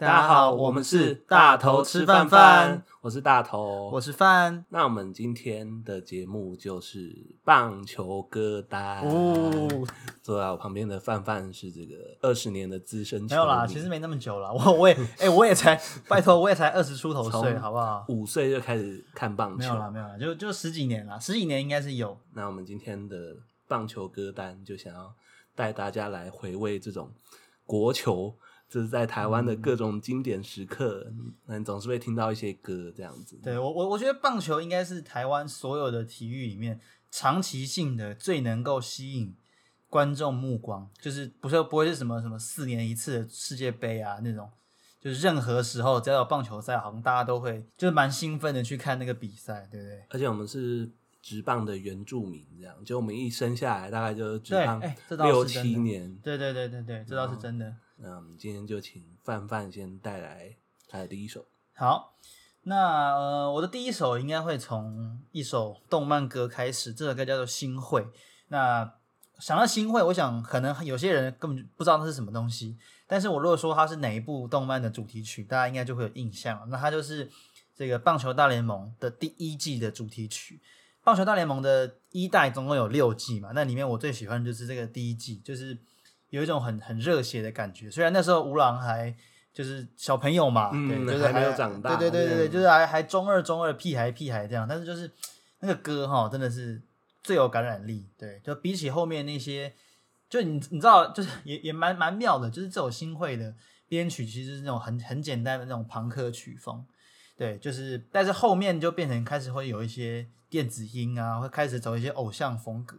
大家，大家好，我們是大頭吃飯飯，我，是大，飯飯我是大頭，我是范。那我們今天的節目就是棒球歌單。哦，坐在我旁邊的范范是這個二十年的資深球迷了，沒有啦，其實沒那麼久了。我我也誒、欸、我也才 拜托，我也才二十出頭歲，好不好？五歲就開始看棒球，沒有了，沒有啦，就就十幾年啦。十幾年應該是有。那我們今天的棒球歌單就想要帶大家來回味這種國球。就是在台灣的各種經典時刻，嗯,那你總是會聽到一些歌這樣子。對我，我我覺得棒球應該是台灣所有的體育裡面長期性的最能夠吸引觀眾目光，就是不是不會是什麼什麼四年一次的世界盃啊那種，就是任何時候只要有棒球賽，好像大家都會就是蠻興奮的去看那個比賽，對不對，對？而且我們是職棒的原住民，這樣就我們一生下來大概就職棒，哎，欸，六七年，對對對對對，這倒是真的。那我們今天就請范范先帶來他的第一首。好，那呃，我的第一首應該會從一首動漫歌開始。這首歌叫做《心繪》。那想到《心繪》，我想可能有些人根本就不知道那是什麼東西。但是我如果說它是哪一部動漫的主題曲，大家應該就會有印象。那它就是這個《棒球大聯盟》的第一季的主題曲。《棒球大聯盟》的一代總共有六季嘛，那裡面我最喜歡的就是這個第一季，就是。有一種很很熱血的感覺，雖然那時候吳郎還就是小朋友嘛，嗯、對，就是還，還沒有長大，對對對對，就是還還中二中二屁孩屁孩這樣，但是就是那個歌哈，真的是最有感染力，對，就比起後面那些，就你你知道，就是也也蠻蠻妙的，就是這種心絵的編曲，其實是那種很很簡單的那種朋克曲風，對，就是但是後面就變成開始會有一些電子音啊，會開始走一些偶像風格，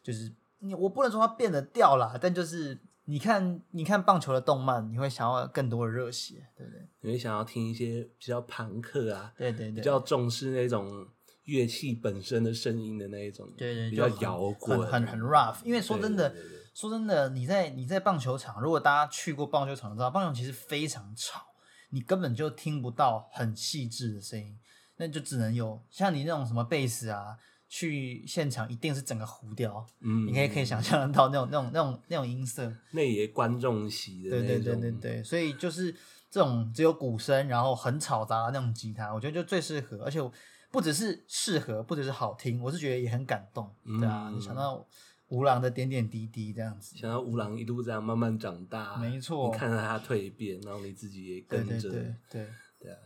就是。你我不能說它變得掉了，但就是你看，你看棒球的動漫，你會想要更多的熱血，對不對？你會想要聽一些比較龐克啊，對對對，比較重視那種樂器本身的聲音的那一種，對對對，比較搖滾，很很 rough。因為說真的對對對對，說真的，你在你在棒球場，如果大家去過棒球場，知道棒球其實非常吵，你根本就聽不到很細緻的聲音，那就只能有像你那種什麼貝斯啊。去現場一定是整個糊掉，嗯，你可以可以想象得到那種那種那種那種音色，那也觀眾席的那種，對對對對對，所以就是這種只有鼓聲，然後很吵雜的那種吉他，我覺得就最適合，而且不只是適合，不只是好聽，我是覺得也很感動，嗯、對啊，你想到吾郎的點點滴滴這樣子，想到吾郎一路這樣慢慢長大，沒錯，你看着他蛻變，然後你自己也跟着，對對對，對，對啊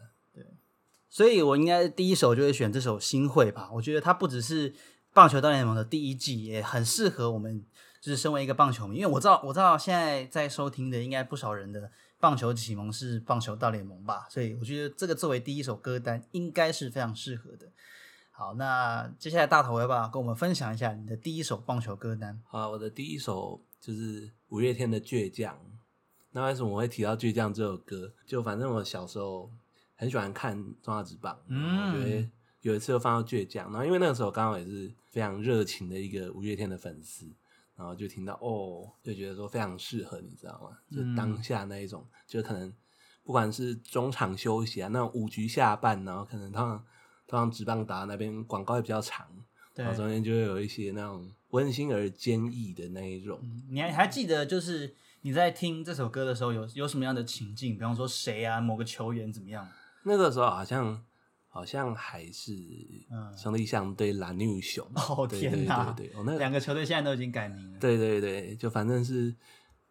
所以我應該第一首就會選這首《心繪》吧，我覺得它不只是棒球大聯盟的第一季，也很適合我們，就是身為一個棒球迷。因為我知道，我知道現在在收聽的應該不少人的棒球啟蒙是棒球大聯盟吧，所以我覺得這個作為第一首歌單應該是非常適合的。好，那接下來大頭要不要跟我們分享一下你的第一首棒球歌單？好、啊，我的第一首就是五月天的《倔強》。那為什麼我會提到《倔強》這首歌？就反正我小時候。很喜歡看中華職棒，嗯，然後覺得有一次又放到倔強，然後因為那個時候剛好也是非常熱情的一個五月天的粉絲，然後就聽到哦，就覺得說非常適合，你知道嗎？就當下那一種，就可能不管是中場休息啊，那種五局下半，然後可能通常通常職棒打到那邊廣告也比較長，然後中間就會有一些那種溫馨而堅毅的那一種。嗯，你還還記得就是你在聽這首歌的時候有有什麼樣的情境？比方說誰啊，某個球員怎麼樣？那個時候好像好像還是兄弟象對 La New 熊哦，天哪！對對，對、啊喔，那兩個球隊現在都已經改名了。對對對，就反正是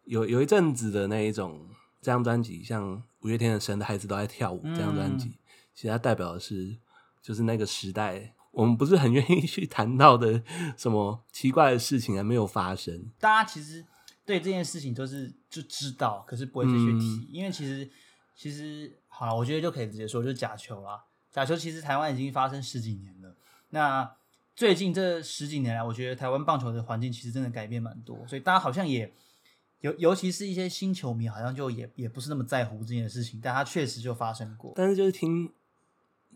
有有一陣子的那一種，這張專輯像五月天的神《神的孩子都在跳舞》這張專輯，其實它代表的是就是那個時代，我們不是很願意去談到的什麼奇怪的事情還沒有發生。大家其實對這件事情都是就知道，可是不會去提、嗯，因為其實。其實，好，我覺得就可以直接說，就是假球啦，啊。假球其實台灣已經發生十幾年了。那最近這十幾年來，我覺得台灣棒球的環境其實真的改變蠻多，所以大家好像也，尤尤其是一些新球迷，好像就也也不是那麼在乎這件事情。但他確實就發生過。但是就是聽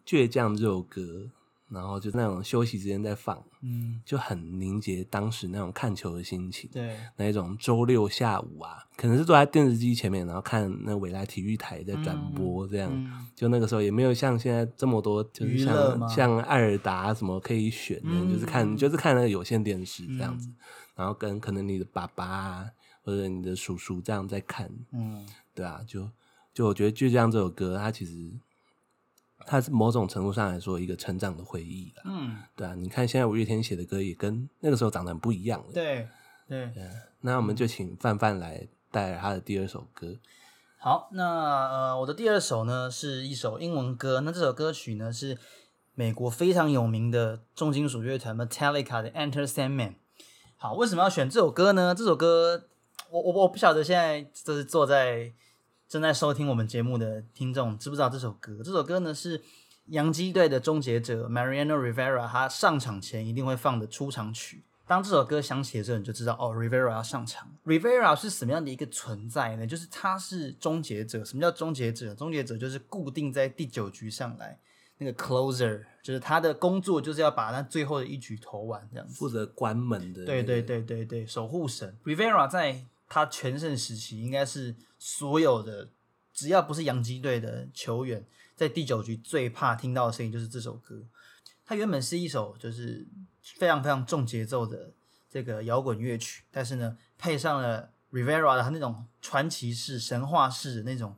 倔《倔強》這首歌。然後就那種休息時間在放，嗯，就很凝結當時那種看球的心情，對，那一種周六下午啊，可能是坐在電視機前面，然後看那緯來體育台在轉播，這樣、嗯，就那個時候也沒有像現在這麼多，就是像像愛爾達什麼可以選的、嗯，就是看就是看那個有線電視這樣子，嗯、然後跟可,可能你的爸爸啊，或者你的叔叔這樣在看，嗯，對啊，就就我覺得倔強這首歌它其實。它是某種程度上來說，一個成長的回憶。嗯，對啊，你看現在五月天寫的歌也跟那個時候長得很不一樣了。對，對，對啊，那我們就請范范來帶來他的第二首歌。嗯。好，那呃，我的第二首呢是一首英文歌，那這首歌曲呢是美國非常有名的重金屬樂團 Metallica 的 Enter Sandman。好，為什麼要選這首歌呢？這首歌我我我不曉得現在這是坐在。正在收聽我們節目的聽眾，知不知道這首歌？這首歌呢是洋基隊的終結者 Mariano Rivera，他上場前一定會放的出場曲。當這首歌響起的時候，你就知道哦，Rivera 要上場。Rivera 是什麼樣的一個存在呢？就是他是終結者。什麼叫終結者？終結者就是固定在第九局上來，那個 closer，就是他的工作就是要把那最後的一局投完，這樣子。負責關門的那個。對，對，對，對，對，對，對，守護神 Rivera 在。他全盛時期應該是所有的，只要不是洋基隊的球員，在第九局最怕聽到的聲音就是這首歌。他原本是一首就是非常非常重節奏的這個搖滾樂曲，但是呢，配上了 Rivera 的他那種傳奇式、神話式的那種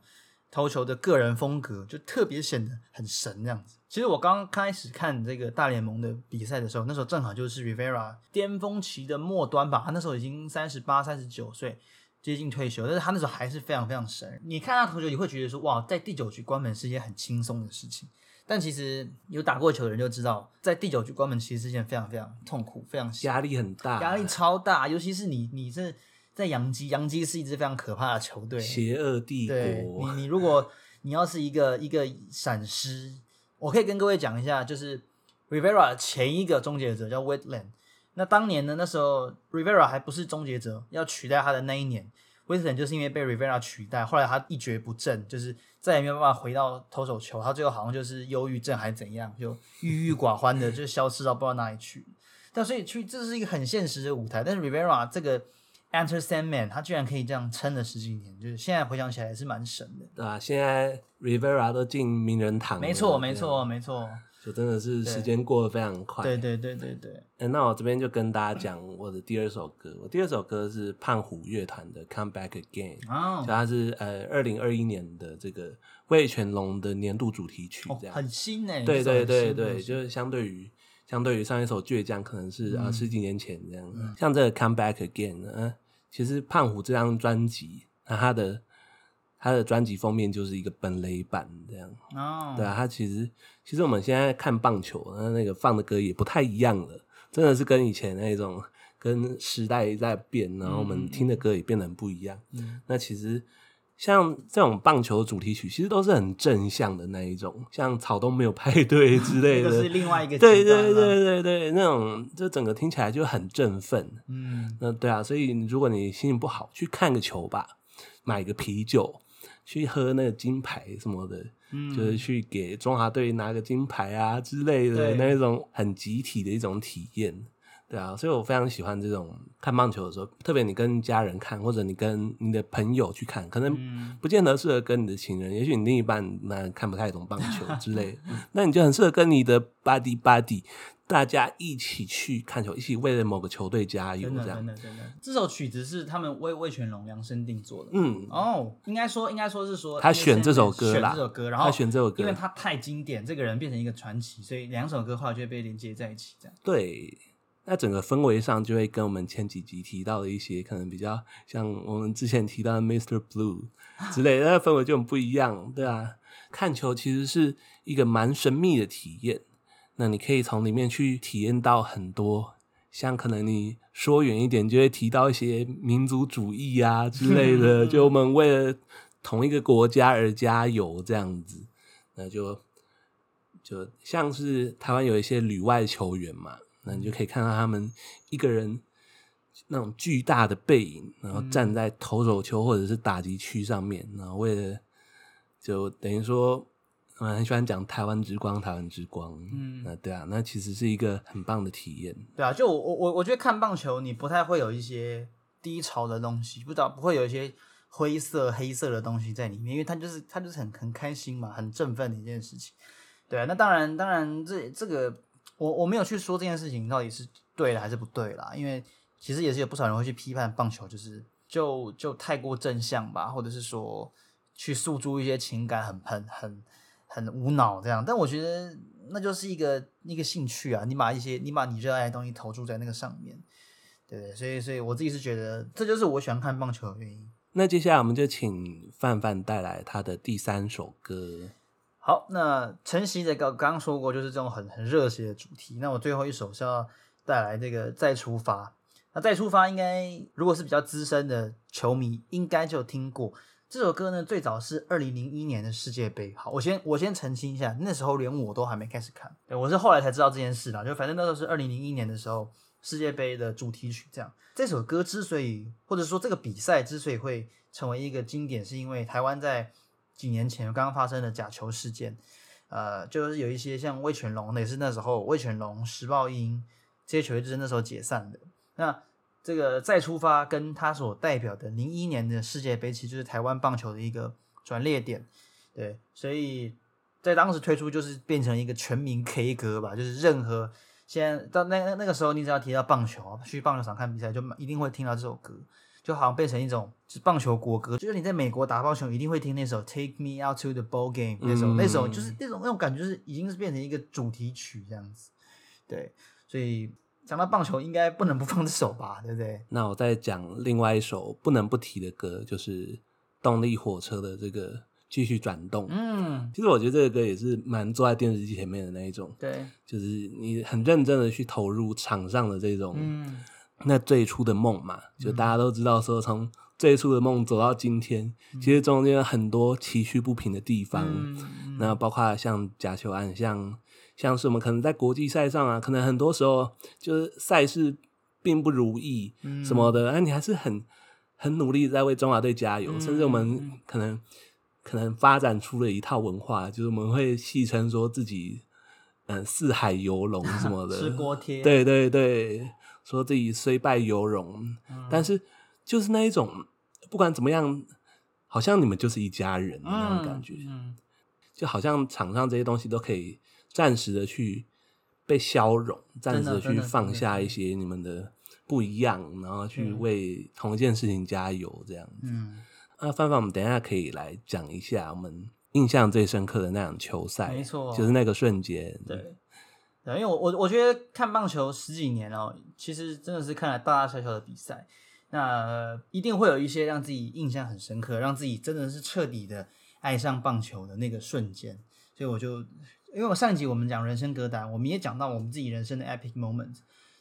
投球的個人風格，就特別顯得很神這樣子。其實我剛開始看這個大聯盟的比賽的時候，那時候正好就是 Rivera 巔峰期的末端吧。他那時候已經三十八、三十九歲，接近退休，但是他那時候還是非常非常神。你看他投球，你會覺得說：“哇，在第九局關門是一件很輕鬆的事情。”但其實有打過球的人就知道，在第九局關門其實是一件非常非常痛苦、非常壓力很大、壓力超大。尤其是你，你是在洋基，洋基是一支非常可怕的球隊，邪惡帝國。對你你如果你要是一個一個閃失。我可以跟各位講一下，就是 Rivera 前一個終結者叫 Whitland。那當年呢，那時候 Rivera 還不是終結者，要取代他的那一年，Whitland 就是因為被 Rivera 取代，後來他一蹶不振，就是再也沒有辦法回到投手丘，他最後好像就是憂鬱症還是怎樣，就鬱鬱寡歡的就消失到不知道哪裡去。但 所以去，這是一個很現實的舞台，但是 Rivera 這個。Enter Sandman，他居然可以這樣撐了十幾年，就是現在回想起來還是蠻神的。對啊，現在 Rivera 都進名人堂了，沒錯，沒錯，沒錯，就真的是時間過得非常快。對對對對對，對。哎，那我這邊就跟大家講我的第二首歌， 我第二首歌是胖虎樂團的《Come Back Again》，啊，它是呃二零二一年的這個味全龍的年度主題曲這樣，這、哦、很新誒。對對對對，對對對就是相對於。相對於上一首倔強，可能是啊十幾年前這樣。像這個《Come Back Again》，啊，其實胖虎這張專輯，那他的他的專輯封面就是一個本壘板這樣。哦。對啊，他其實其實我們現在看棒球，那那個放的歌也不太一樣了，真的是跟以前那種跟時代在變，然後我們聽的歌也變得很不一樣。那其實。像這種棒球的主題曲，其實都是很正向的那一種，像草東沒有派對之類的， 是另外一個。對對對對對，那種就整個聽起來就很振奮，嗯，那對啊，所以如果你心情不好，去看個球吧，買個啤酒，去喝那個金牌什麼的，嗯，就是去給中華隊拿個金牌啊之類的，那一種很集體的一種體驗。對啊，所以我非常喜歡這種看棒球的時候，特別你跟家人看，或者你跟你的朋友去看，可能不見得適合跟你的情人，嗯、也許你另一半那看不太懂棒球之類的、 嗯，那你就很適合跟你的 buddy buddy 大家一起去看球，一起為了某個球隊加油、嗯、這樣。真的真的真的，這首曲子是他們為味全龍量身定做的。嗯哦應該說應該說是說他選這首歌啦，這首歌然後他選這首歌，因為他太經典，這個人變成一個傳奇，所以兩首歌後來就被連接在一起這樣。對。那整個氛圍上就會跟我們前幾集提到的一些可能比較像我們之前提到的 Mr. Blue 之類的、啊、那氛圍就很不一樣，對吧、啊？看球其實是一個蠻神秘的體驗，那你可以從裡面去體驗到很多，像可能你說遠一點就會提到一些民族主義啊之類的， 就我們為了同一個國家而加油這樣子，那就就像是台灣有一些旅外球員嘛。那你就可以看到他們一個人那種巨大的背影，然後站在投手球或者是打擊區上面，然後為了就等於說，我、嗯、很喜歡講台灣之光，台灣之光，嗯，那對啊，那其實是一個很棒的體驗。對啊，就我我我覺得看棒球，你不太會有一些低潮的東西，不知道，不會有一些灰色黑色的東西在裡面，因為他就是他就是很很開心嘛，很振奮的一件事情。對啊，那當然當然這這個。我我沒有去說這件事情到底是對的還是不對啦，因為其實也是有不少人會去批判棒球，就是就就太過正向吧，或者是說去訴諸一些情感很，很很很很無腦這樣。但我覺得那就是一個一個興趣啊，你把一些你把你熱愛的東西投注在那個上面，對不對？所以所以我自己是覺得這就是我喜歡看棒球的原因。那接下來我們就請范范帶來他的第三首歌。好，那晨曦的剛剛說過，就是這種很很熱血的主題。那我最後一首是要帶來這個《再出發》。那《再出發》應該如果是比較資深的球迷，應該就聽過這首歌呢。最早是二零零一年的世界杯。好，我先我先澄清一下，那時候連我都還沒開始看，我是後來才知道這件事的。就反正那時候是二零零一年的時候，世界杯的主題曲這樣。這首歌之所以，或者說這個比賽之所以會成為一個經典，是因為台灣在。幾年前剛剛發生的假球事件，呃，就是有一些像味全龍，也是那時候味全龍、時報鷹這些球員，就是那時候解散的。那這個再出發跟他所代表的零一年的世界杯，其實就是台灣棒球的一個轉捩點。對，所以在當時推出就是變成一個全民 K 歌吧，就是任何現在到那那那個時候，你只要提到棒球，去棒球場看比賽，就一定會聽到這首歌。就好像變成一種是棒球國歌，就是說你在美國打棒球一定會聽那首《Take Me Out to the Ball Game》那首，嗯，那首就是那種那種感覺，是已經是變成一個主題曲這樣子。對，所以講到棒球，應該不能不放這首吧？對不對？那我再講另外一首不能不提的歌，就是動力火車的這個《繼續轉動》。嗯，其實我覺得這個歌也是蠻坐在電視機前面的那一種，對，就是你很認真的去投入場上的這種，嗯。那最初的夢嘛、嗯，就大家都知道，說從最初的夢走到今天，嗯、其實中間有很多崎嶇不平的地方、嗯嗯。那包括像假球案，像像什麼可能在國際賽上啊，可能很多時候就是賽事並不如意，什麼的，那、嗯、你還是很很努力在為中華隊加油、嗯，甚至我們可能、嗯、可能發展出了一套文化，就是我們會戲稱說自己嗯、呃、四海遊龍什麼的，呵呵吃鍋貼。對對對。說自己雖敗猶榮、嗯，但是就是那一種，不管怎麼樣，好像你們就是一家人那種感覺、嗯嗯，就好像場上這些東西都可以暫時的去被消融，暫時的去放下一些你們的不一樣、嗯，然後去為同一件事情加油這樣子。那、嗯嗯啊、范范，我們等一下可以來講一下我們印象最深刻的那場球賽，沒錯、就是那個瞬間。對。因為我，我我我覺得看棒球十幾年哦，其實真的是看了大大小小的比賽，那、呃、一定會有一些讓自己印象很深刻，讓自己真的是徹底的愛上棒球的那個瞬間。所以我就，因為我上一集我們講人生歌單，我們也講到我們自己人生的 epic moment，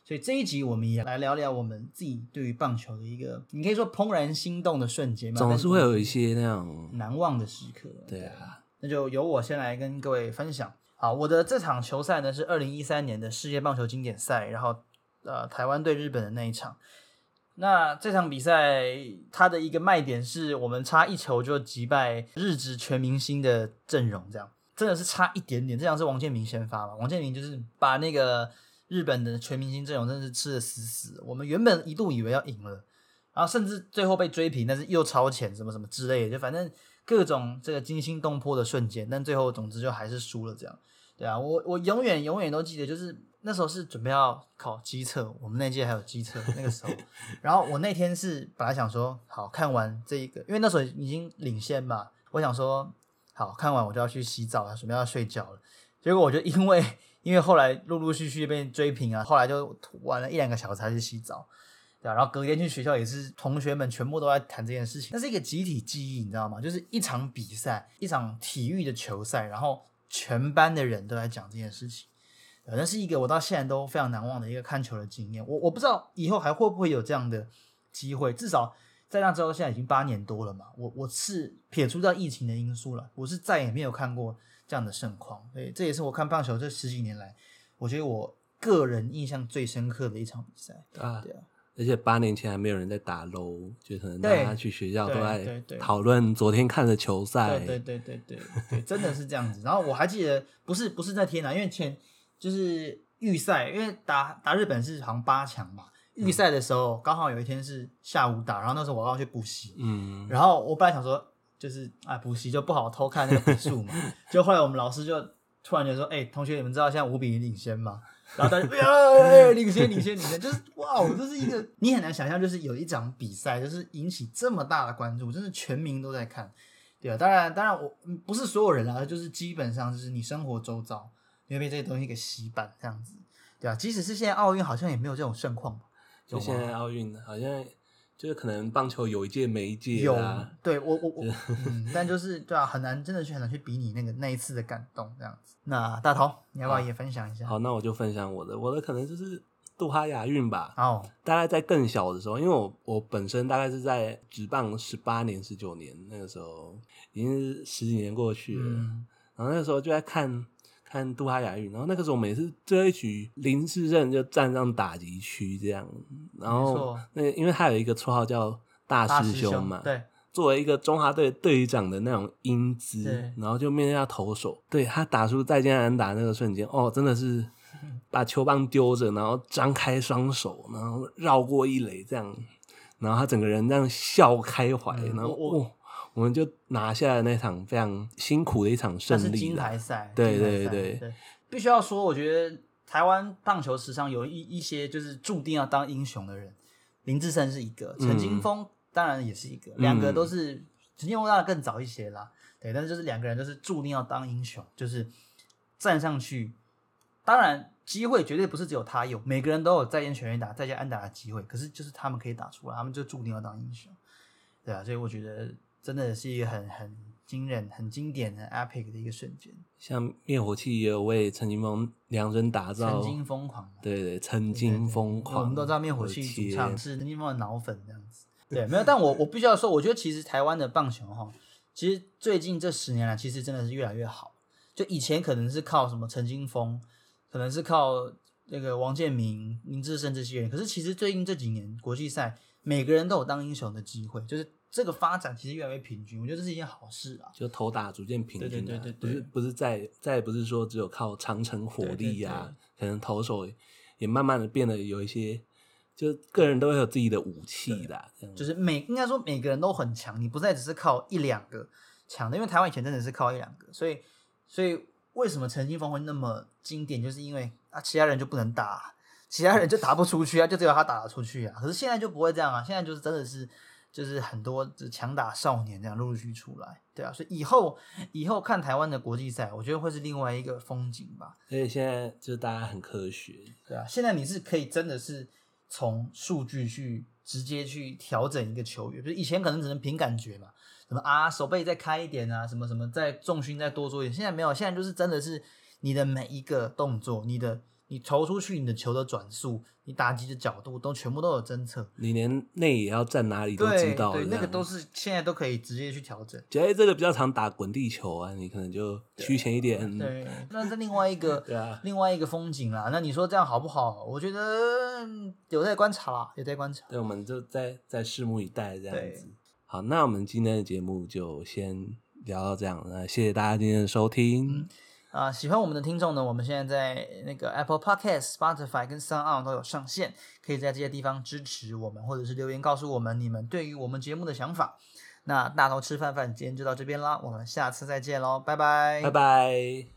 所以這一集我們也來聊聊我們自己對於棒球的一個，你可以說怦然心動的瞬間嘛，總是會有一些那種難忘的時刻。對啊對，那就由我先來跟各位分享。好，我的這場球賽呢，是二零一三年的世界棒球經典賽，然後呃台灣對日本的那一場。那這場比賽它的一個賣點是我們差一球就擊敗日職全明星的陣容，這樣真的是差一點點。這場是王建民先發嘛？王建民就是把那個日本的全明星陣容真的是吃得死死。我們原本一度以為要贏了，然後甚至最後被追平，但是又超前什麼什麼之類的，就反正。各種這個驚心動魄的瞬間，但最後總之就還是輸了，這樣，對啊，我我永遠永遠都記得，就是那時候是準備要考基測，我們那屆還有基測那個時候， 然後我那天是本來想說，好看完這一個，因為那時候已經領先嘛，我想說，好看完我就要去洗澡了，準備要睡覺了，結果我就因為因為後來陸陸續續被追平啊，後來就玩了一兩個小時才去洗澡。對、啊，然後隔天去學校也是同學們全部都在談這件事情，那是一個集體記憶，你知道嗎？就是一場比賽，一場體育的球賽，然後全班的人都在講這件事情，啊、那是一個我到現在都非常難忘的一個看球的經驗。我我不知道以後還會不會有這樣的機會，至少在那之後，現在已經八年多了嘛。我我是撇除掉疫情的因素了，我是再也沒有看過這樣的盛況。對，這也是我看棒球這十幾年來，我覺得我個人印象最深刻的一場比賽。對啊，對、啊而且八年前還沒有人在打樓，就可能大家去學校都在討論昨天看的球賽。對對對對對，對，真的是這樣子。然後我還記得，不是不是在天南，因為前就是預賽，因為打打日本是好像八強嘛。預、嗯、賽的時候剛好有一天是下午打，然後那時候我剛去補習，嗯，然後我本來想說就是哎補習就不好偷看那個比數嘛。 就後來我們老師就突然就說，哎、欸、同學你們知道現在五比零領先嗎？然後大家哎哎，領先領先領先，領先 就是哇，我這是一個你很難想象，就是有一場比賽，就是引起這麼大的關注，真的全民都在看，對啊，當然，當然我，我不是所有人啊，就是基本上就是你生活周遭你會被這些東西給洗版這樣子，對啊，即使是現在奧運好像也沒有這種盛況，就現在奧運好像。就是可能棒球有一屆沒一屆、啊、有。對我我我，嗯，但就是對啊，很難真的去很難去比擬那個那一次的感動這樣子。那大頭，你要不要也分享一下好？好，那我就分享我的，我的可能就是杜哈亞運吧。哦，大概在更小的時候，因為我我本身大概是在職棒十八年、十九年那個時候，已經是十幾年過去了。嗯、然後那個時候就在看。看杜哈亞運，然後那個時候每次最後一局林智勝就站上打擊區這樣，然後那因為他有一個綽號叫大師兄嘛，師兄，對，作為一個中華隊隊長的那種英姿，然後就面對他投手，對他打出再見安打那個瞬間，哦，真的是把球棒丟着，然後張開雙手，然後繞過一壘這樣，然後他整個人這樣笑開懷，嗯、然後。哦哦我們就拿下了那場非常辛苦的一場勝利，那是金牌賽。對對對，對，必須要說，我覺得台灣棒球史上有一一些就是注定要當英雄的人，林智勝是一個，陳金鋒當然也是一個，嗯、兩個都是，陳金鋒當然更早一些啦、嗯。對，但是就是兩個人都是注定要當英雄，就是站上去，當然機會絕對不是只有他有，每個人都有再見全壘打、再見安打的機會，可是就是他們可以打出來，他們就注定要當英雄，對啊，所以我覺得。真的是一個很很驚人、很經典的、很 epic 的一個瞬間。像滅火器也有為陳金峰量身打造。曾經瘋狂。對,對對，曾經瘋狂。我們都知道滅火器主唱是陳金峰的腦粉這樣子。對，沒有，但我我必須要說，我覺得其實台灣的棒球哈，其實最近這十年來，其實真的是越來越好。就以前可能是靠什麼陳金峰，可能是靠那個王建民、林智勝這些人，可是其實最近這幾年國際賽，每個人都有當英雄的機會，就是。這個發展其實越來越平均，我覺得這是一件好事啊。就投打逐漸平均了，啊，不是不是再再不是說只有靠長城火力啊，對對對對對，可能投手也，也慢慢的變得有一些，就個人都會有自己的武器的，就是每，應該說每個人都很強，你不再只是靠一兩個強的，因為台灣以前真的是靠一兩個，所以所以為什麼陳金鋒會那麼經典，就是因為啊其他人就不能打，其他人就打不出去啊，就只有他打得出去啊，可是現在就不會這樣啊，現在就是真的是。就是很多這強打少年這樣陸陸續續出來，對啊，所以以後以後看台灣的國際賽，我覺得會是另外一個風景吧。所以現在就是大家很科學，對啊，現在你是可以真的是從數據去直接去調整一個球員，就是以前可能只能憑感覺嘛，什麼啊手背再開一點啊，什麼什麼再重心再多做一點，現在沒有，現在就是真的是你的每一個動作，你的。你投出去，你的球的轉速、你打擊的角度都全部都有偵測，你連那也要站哪裡都知道對。對，那個都是現在都可以直接去調整。覺得這個比較常打滾地球啊，你可能就趨前一點。對，對那在另外一個、 啊，另外一個風景啦。那你說這樣好不好？我覺得有待觀察啦、啊，有待觀察。對，我們就再再拭目以待這樣子。好，那我們今天的節目就先聊到這樣，那謝謝大家今天的收聽。嗯啊、呃，喜歡我們的聽眾呢，我們現在在那個 Apple Podcast、Spotify 跟 SoundOn 都有上線，可以在這些地方支持我們，或者是留言告訴我們你們對於我們節目的想法。那大頭吃飯飯今天就到這邊啦，我們下次再見嘍，拜拜，拜拜。